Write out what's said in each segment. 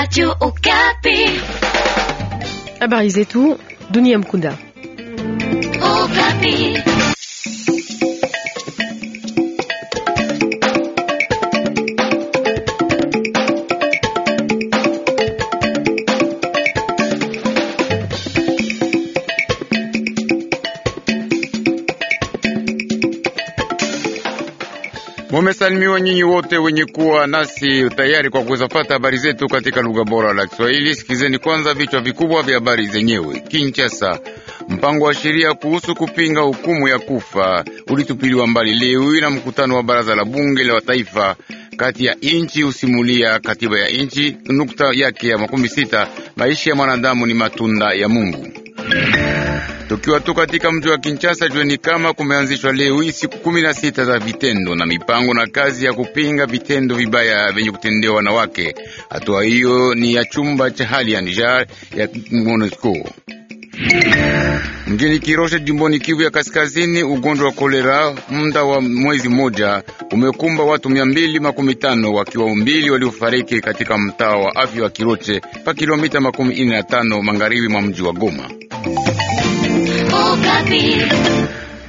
Radio Okapi. Habari zetu, dunia mkunda. Okapi. Mumesalimiwa nyinyi wote wenye kuwa nasi tayari kwa kuweza kupata habari zetu katika lugha bora la Kiswahili. Sikizeni kwanza vichwa vikubwa vya habari zenyewe. kinchasa mpango wa sheria kuhusu kupinga hukumu ya kufa ulitupiliwa mbali leo na mkutano wa baraza la bunge la taifa kati ya inchi usimulia katiba ya inchi nukta yake ya makumi sita maisha ya mwanadamu ni matunda ya Mungu. Tukiwa tu katika mji wa Kinshasa, jueni kama kumeanzishwa leo hii siku kumi na sita za vitendo na mipango na kazi ya kupinga vitendo vibaya vyenye kutendewa wanawake. Hatua hiyo ni ya chumba cha hali ya nija ya MONUSCO. Mjini Kirosha jimboni Kivu ya Kaskazini, ugonjwa wa kolera muda wa mwezi mmoja umekumba watu mia mbili makumi tano wakiwa mbili waliofariki katika mtaa wa afya wa Kiroche pa kilomita makumi ine na tano magharibi mwa mji wa Goma.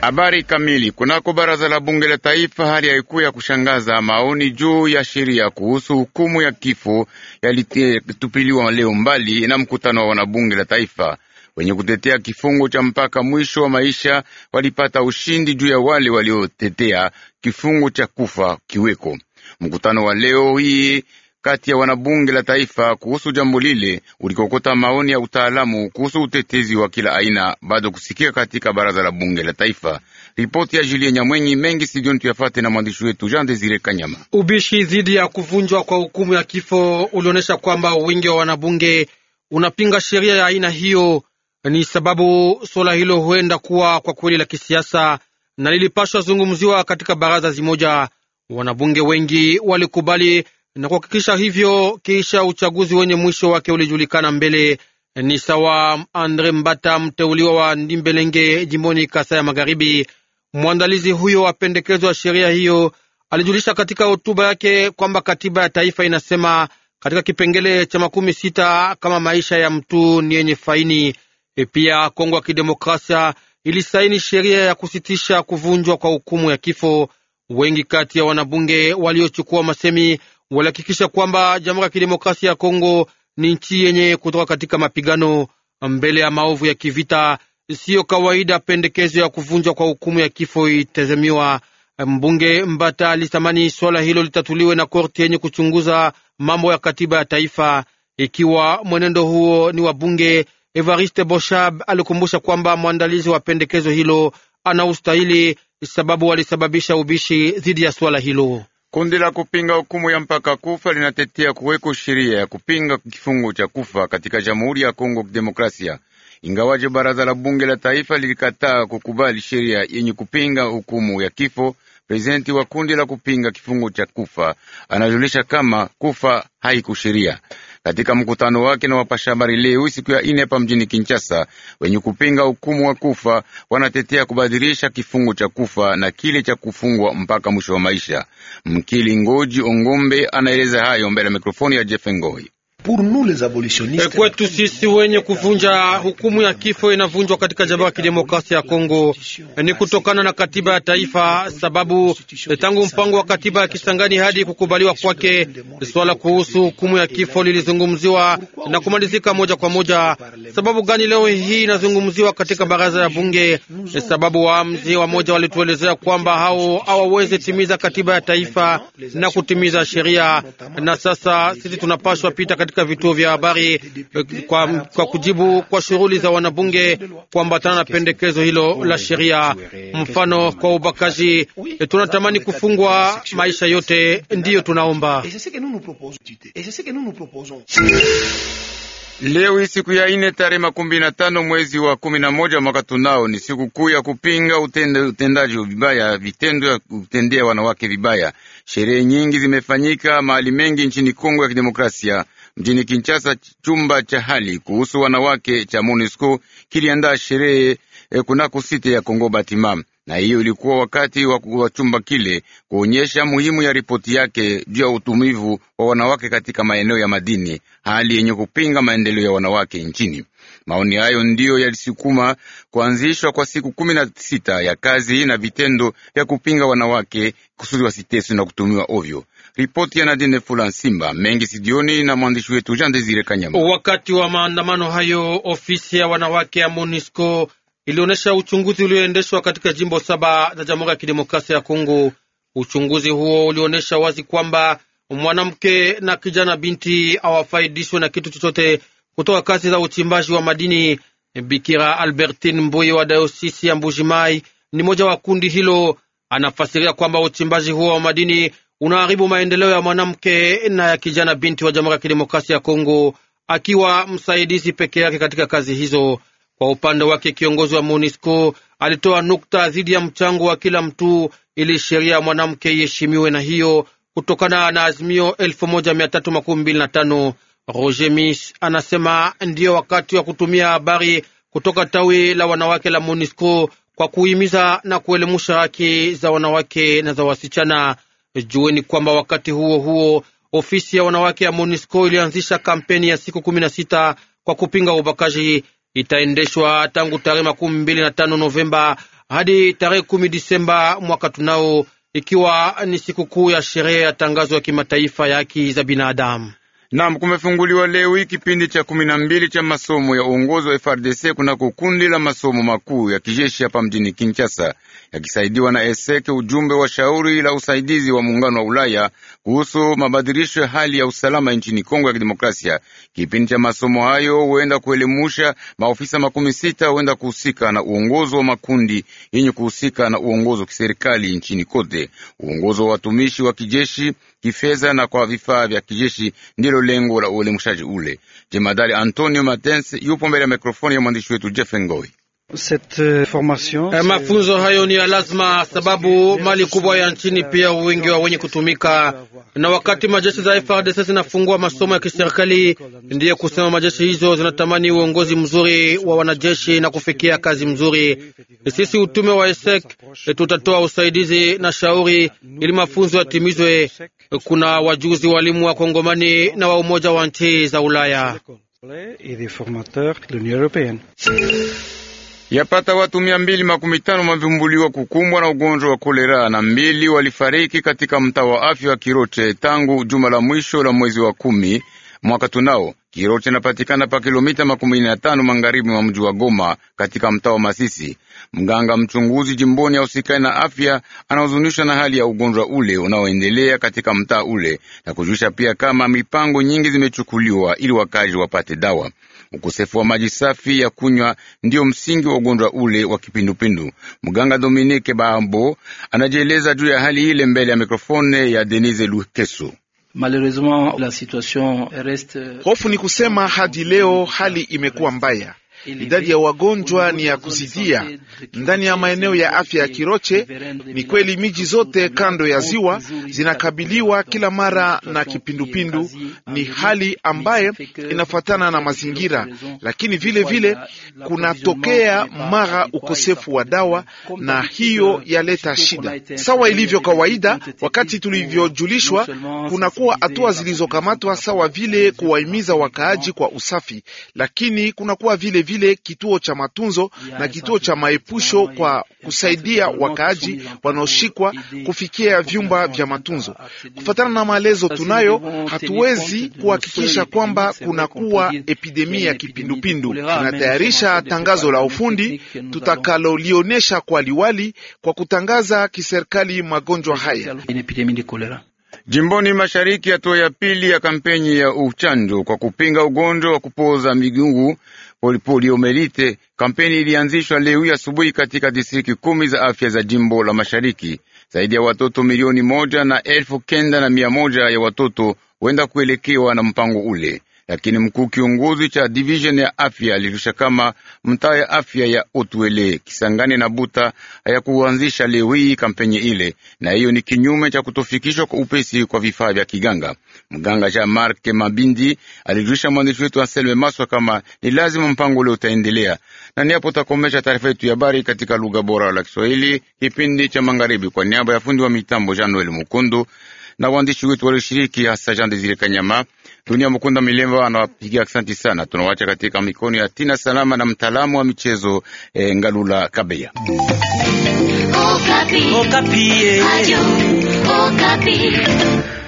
Habari kamili. Kunako baraza la bunge la taifa, hali haikuwa ya kushangaza. Maoni juu ya sheria kuhusu hukumu ya kifo yalitupiliwa leo mbali na mkutano wa wanabunge la taifa. Wenye kutetea kifungo cha mpaka mwisho wa maisha walipata ushindi juu ya wale waliotetea kifungo cha kufa kiweko. Mkutano wa leo hii kati ya wanabunge la taifa kuhusu jambo lile ulikokota maoni ya utaalamu kuhusu utetezi wa kila aina bado kusikia katika baraza la bunge la taifa. Ripoti ya Julien Nyamwenyi mengi sijoni tuyafate na mwandishi wetu Jean Desire Kanyama. Ubishi dhidi ya kuvunjwa kwa hukumu ya kifo ulionyesha kwamba wingi wa wanabunge unapinga sheria ya aina hiyo. Ni sababu suala hilo huenda kuwa kwa kweli la kisiasa na lilipashwa zungumziwa katika baraza zimoja. Wanabunge wengi walikubali na kuhakikisha hivyo kisha uchaguzi wenye mwisho wake ulijulikana mbele. Ni sawa Andre Mbata, mteuliwa wa Ndimbelenge jimboni kasa ya Magharibi. Mwandalizi huyo wa pendekezo ya sheria hiyo alijulisha katika hotuba yake kwamba katiba ya taifa inasema katika kipengele cha makumi sita kama maisha ya mtu ni yenye faini. E, pia Kongo ya Kidemokrasia ilisaini sheria ya kusitisha kuvunjwa kwa hukumu ya kifo. Wengi kati ya wanabunge waliochukua masemi walihakikisha kwamba Jamhuri ya Kidemokrasia ya Kongo ni nchi yenye kutoka katika mapigano mbele ya maovu ya kivita. Siyo kawaida pendekezo ya kuvunjwa kwa hukumu ya kifo itazamiwa. Mbunge Mbata alitamani swala hilo litatuliwe na korti yenye kuchunguza mambo ya katiba ya taifa. Ikiwa mwenendo huo ni wa bunge, Evariste Boshab alikumbusha kwamba mwandalizi wa pendekezo hilo ana ustahili, sababu walisababisha ubishi dhidi ya swala hilo. Kundi la kupinga hukumu ya mpaka kufa linatetea kuweko sheria ya kupinga kifungo cha kufa katika Jamhuri ya Kongo Demokrasia, ingawaje baraza la bunge la taifa lilikataa kukubali sheria yenye kupinga hukumu ya kifo. Prezidenti wa kundi la kupinga kifungo cha kufa anajulisha kama kufa haiku sheria katika mkutano wake na wapasha habari leo siku ya ine hapa mjini Kinshasa. Wenye kupinga hukumu wa kufa wanatetea kubadilisha kifungo cha kufa na kile cha kufungwa mpaka mwisho wa maisha. Mkili Ngoji Ongombe anaeleza hayo mbele ya mikrofoni ya Jeff Ngoi. Eh, kwetu sisi wenye kuvunja hukumu ya kifo inavunjwa katika Jamhuri ya Kidemokrasia ya Kongo eh, ni kutokana na katiba ya taifa, sababu eh, tangu mpango wa katiba ya Kisangani hadi kukubaliwa kwake swala kuhusu hukumu ya kifo lilizungumziwa na kumalizika moja kwa moja. Sababu gani leo hii inazungumziwa katika baraza ya bunge? Sababu waamzi wamoja walituelezea kwamba hao hawawezi timiza katiba ya taifa na kutimiza sheria, na sasa sisi tunapaswa pita katika vituo vya habari eh, kwa, kwa kujibu kwa shughuli za wanabunge kuambatana na pendekezo hilo la sheria. Mfano kwa ubakaji, eh, tunatamani kufungwa maisha yote, ndiyo tunaomba Leo hii siku ya ine tarehe makumi na tano mwezi wa kumi na moja mwaka tunao ni siku kuu ya kupinga utende, utendaji vibaya vitendo ya kutendea wanawake vibaya. Sherehe nyingi zimefanyika mahali mengi nchini Kongo ya Kidemokrasia. Mjini Kinshasa, chumba cha hali kuhusu wanawake cha MONUSCO kiliandaa sherehe eh, kunako site ya Kongo Batima, na hiyo ilikuwa wakati wa chumba kile kuonyesha muhimu ya ripoti yake juu ya utumivu wa wanawake katika maeneo ya madini, hali yenye kupinga maendeleo ya wanawake nchini. Maoni hayo ndiyo yalisukuma kuanzishwa kwa siku kumi na sita ya kazi na vitendo vya kupinga wanawake kusudi wasiteswe na kutumiwa ovyo. Ripoti ya Nadine Fula Simba mengi sidioni na mwandishi wetu Jean Desire Kanyama. Wakati wa maandamano hayo, ofisi ya wanawake ya MONUSCO ilionyesha uchunguzi ulioendeshwa katika jimbo saba za Jamhuri ya Kidemokrasia ya Kongo. Uchunguzi huo ulionyesha wazi kwamba mwanamke na kijana binti hawafaidishwe na kitu chochote kutoka kazi za uchimbaji wa madini. Bikira Albertin Mbuye wa dayosisi ya Mbujimai ni mmoja wa kundi hilo, anafasiria kwamba uchimbaji huo wa madini unaharibu maendeleo ya mwanamke na ya kijana binti wa Jamhuri ya Kidemokrasia ya Kongo, akiwa msaidizi peke yake katika kazi hizo. Kwa upande wake, kiongozi wa MONUSCO alitoa nukta dhidi ya mchango wa kila mtu ili sheria ya mwanamke iheshimiwe, na hiyo kutokana na azimio 1325 Roger Mis anasema ndiyo wakati wa kutumia habari kutoka tawi la wanawake la MONUSCO kwa kuhimiza na kuelemusha haki za wanawake na za wasichana. Jueni kwamba wakati huo huo ofisi ya wanawake ya MONUSCO ilianzisha kampeni ya siku kumi na sita kwa kupinga ubakaji. Itaendeshwa tangu tarehe makumi mbili na tano Novemba hadi tarehe kumi Disemba mwaka tunao, ikiwa ni sikukuu ya sherehe ya tangazo ya kimataifa ya haki za binadamu. Nam, kumefunguliwa leo hii kipindi cha kumi na mbili cha masomo ya uongozi wa FRDC kunako kundi la masomo makuu ya kijeshi hapa mjini Kinshasa yakisaidiwa na Eseke, ujumbe wa shauri la usaidizi wa muungano wa Ulaya kuhusu mabadilisho ya hali ya usalama nchini Kongo ya Kidemokrasia. Kipindi cha masomo hayo huenda kuelimusha maofisa makumi sita huenda kuhusika na uongozo wa makundi yenye kuhusika na uongozi wa kiserikali nchini kote. uongozi wa watumishi wa kijeshi kifedha na kwa vifaa vya kijeshi ndilo lengo la uelimushaji ule. Jemadari Antonio Matense yupo mbele ya mikrofoni ya mwandishi wetu Jeff Ngoi. Cette euh, formation, eh, mafunzo hayo ni ya lazima, sababu mali kubwa ya nchini pia wingi wa wenye kutumika, na wakati majeshi za frdc zinafungua masomo ya kiserikali, ndiye kusema majeshi hizo zinatamani uongozi mzuri wa wanajeshi na kufikia kazi mzuri. Sisi utume wa ESEC eh, tutatoa usaidizi na shauri ili mafunzo yatimizwe. Kuna wajuzi walimu wa Kongomani na wa Umoja wa nchi za Ulaya yapata watu mia mbili makumi tano wamevumbuliwa kukumbwa na ugonjwa wa kolera na mbili walifariki katika mtaa wa afya wa Kiroche tangu juma la mwisho la mwezi wa kumi mwaka tunao. Kiroche inapatikana pa kilomita makumi na tano magharibi mwa mji wa Goma katika mtaa wa Masisi. Mganga mchunguzi jimboni ya usikai na afya anahuzunishwa na hali ya ugonjwa ule unaoendelea katika mtaa ule na kujulisha pia kama mipango nyingi zimechukuliwa ili wakazi wapate dawa. Ukosefu wa maji safi ya kunywa ndiyo msingi wa ugonjwa ule wa kipindupindu. Mganga Dominike Bambo anajieleza juu ya hali ile mbele ya mikrofone ya Denise Lukeso. Hofu ni kusema hadi leo hali imekuwa mbaya. Idadi ya wagonjwa ni ya kuzidia ndani ya maeneo ya afya ya Kiroche. Ni kweli miji zote kando ya ziwa zinakabiliwa kila mara na kipindupindu, ni hali ambayo inafatana na mazingira, lakini vile vile kunatokea mara ukosefu wa dawa, na hiyo yaleta shida. Sawa ilivyo kawaida, wakati tulivyojulishwa, kunakuwa hatua zilizokamatwa sawa vile kuwahimiza wakaaji kwa usafi, lakini kunakuwa vile vile vile kituo cha matunzo na kituo cha maepusho kwa kusaidia wakaaji wanaoshikwa kufikia vyumba vya matunzo. Kufatana na maelezo tunayo, hatuwezi kuhakikisha kwamba kunakuwa epidemia ya kipindupindu. Ah, Tunatayarisha tangazo la ufundi tutakalolionyesha kwa liwali kwa kutangaza kiserikali magonjwa haya. Jimboni mashariki, hatua ya pili ya kampeni ya uchanjo kwa kupinga ugonjwa wa kupooza migungu poliomelite. Kampeni ilianzishwa leo asubuhi katika distriki kumi za afya za jimbo la Mashariki. Zaidi ya watoto milioni moja na elfu kenda na mia moja ya watoto huenda kuelekewa na mpango ule lakini mkuu kiongozi cha division ya afya alirusha kama mtaa ya afya ya Otwele, Kisangani na Buta hayakuanzisha leo hii kampeni ile, na hiyo ni kinyume cha kutofikishwa kwa upesi kwa vifaa vya kiganga. Mganga Jean Marc Mabindi alirusha mwandishi wetu Anselme Maswa kama ni lazima mpango ule utaendelea, na niapo takomesha taarifa yetu ya habari katika lugha bora la Kiswahili, kipindi cha magharibi, kwa niaba ya fundi wa mitambo Jean Noel Mukundu na waandishi wetu walioshiriki, hasa Jean Desire Kanyama. Dunia Mukunda Milemba anawapigia asanti sana. Tunawacha katika mikono ya Tina Salama na mtaalamu wa michezo eh, Ngalula Kabeya. Okapi. Okapi. Eh.